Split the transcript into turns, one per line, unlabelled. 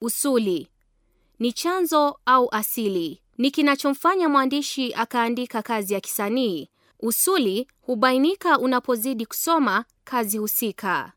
Usuli ni chanzo au asili, ni kinachomfanya mwandishi akaandika kazi ya kisanii. Usuli hubainika unapozidi kusoma kazi husika.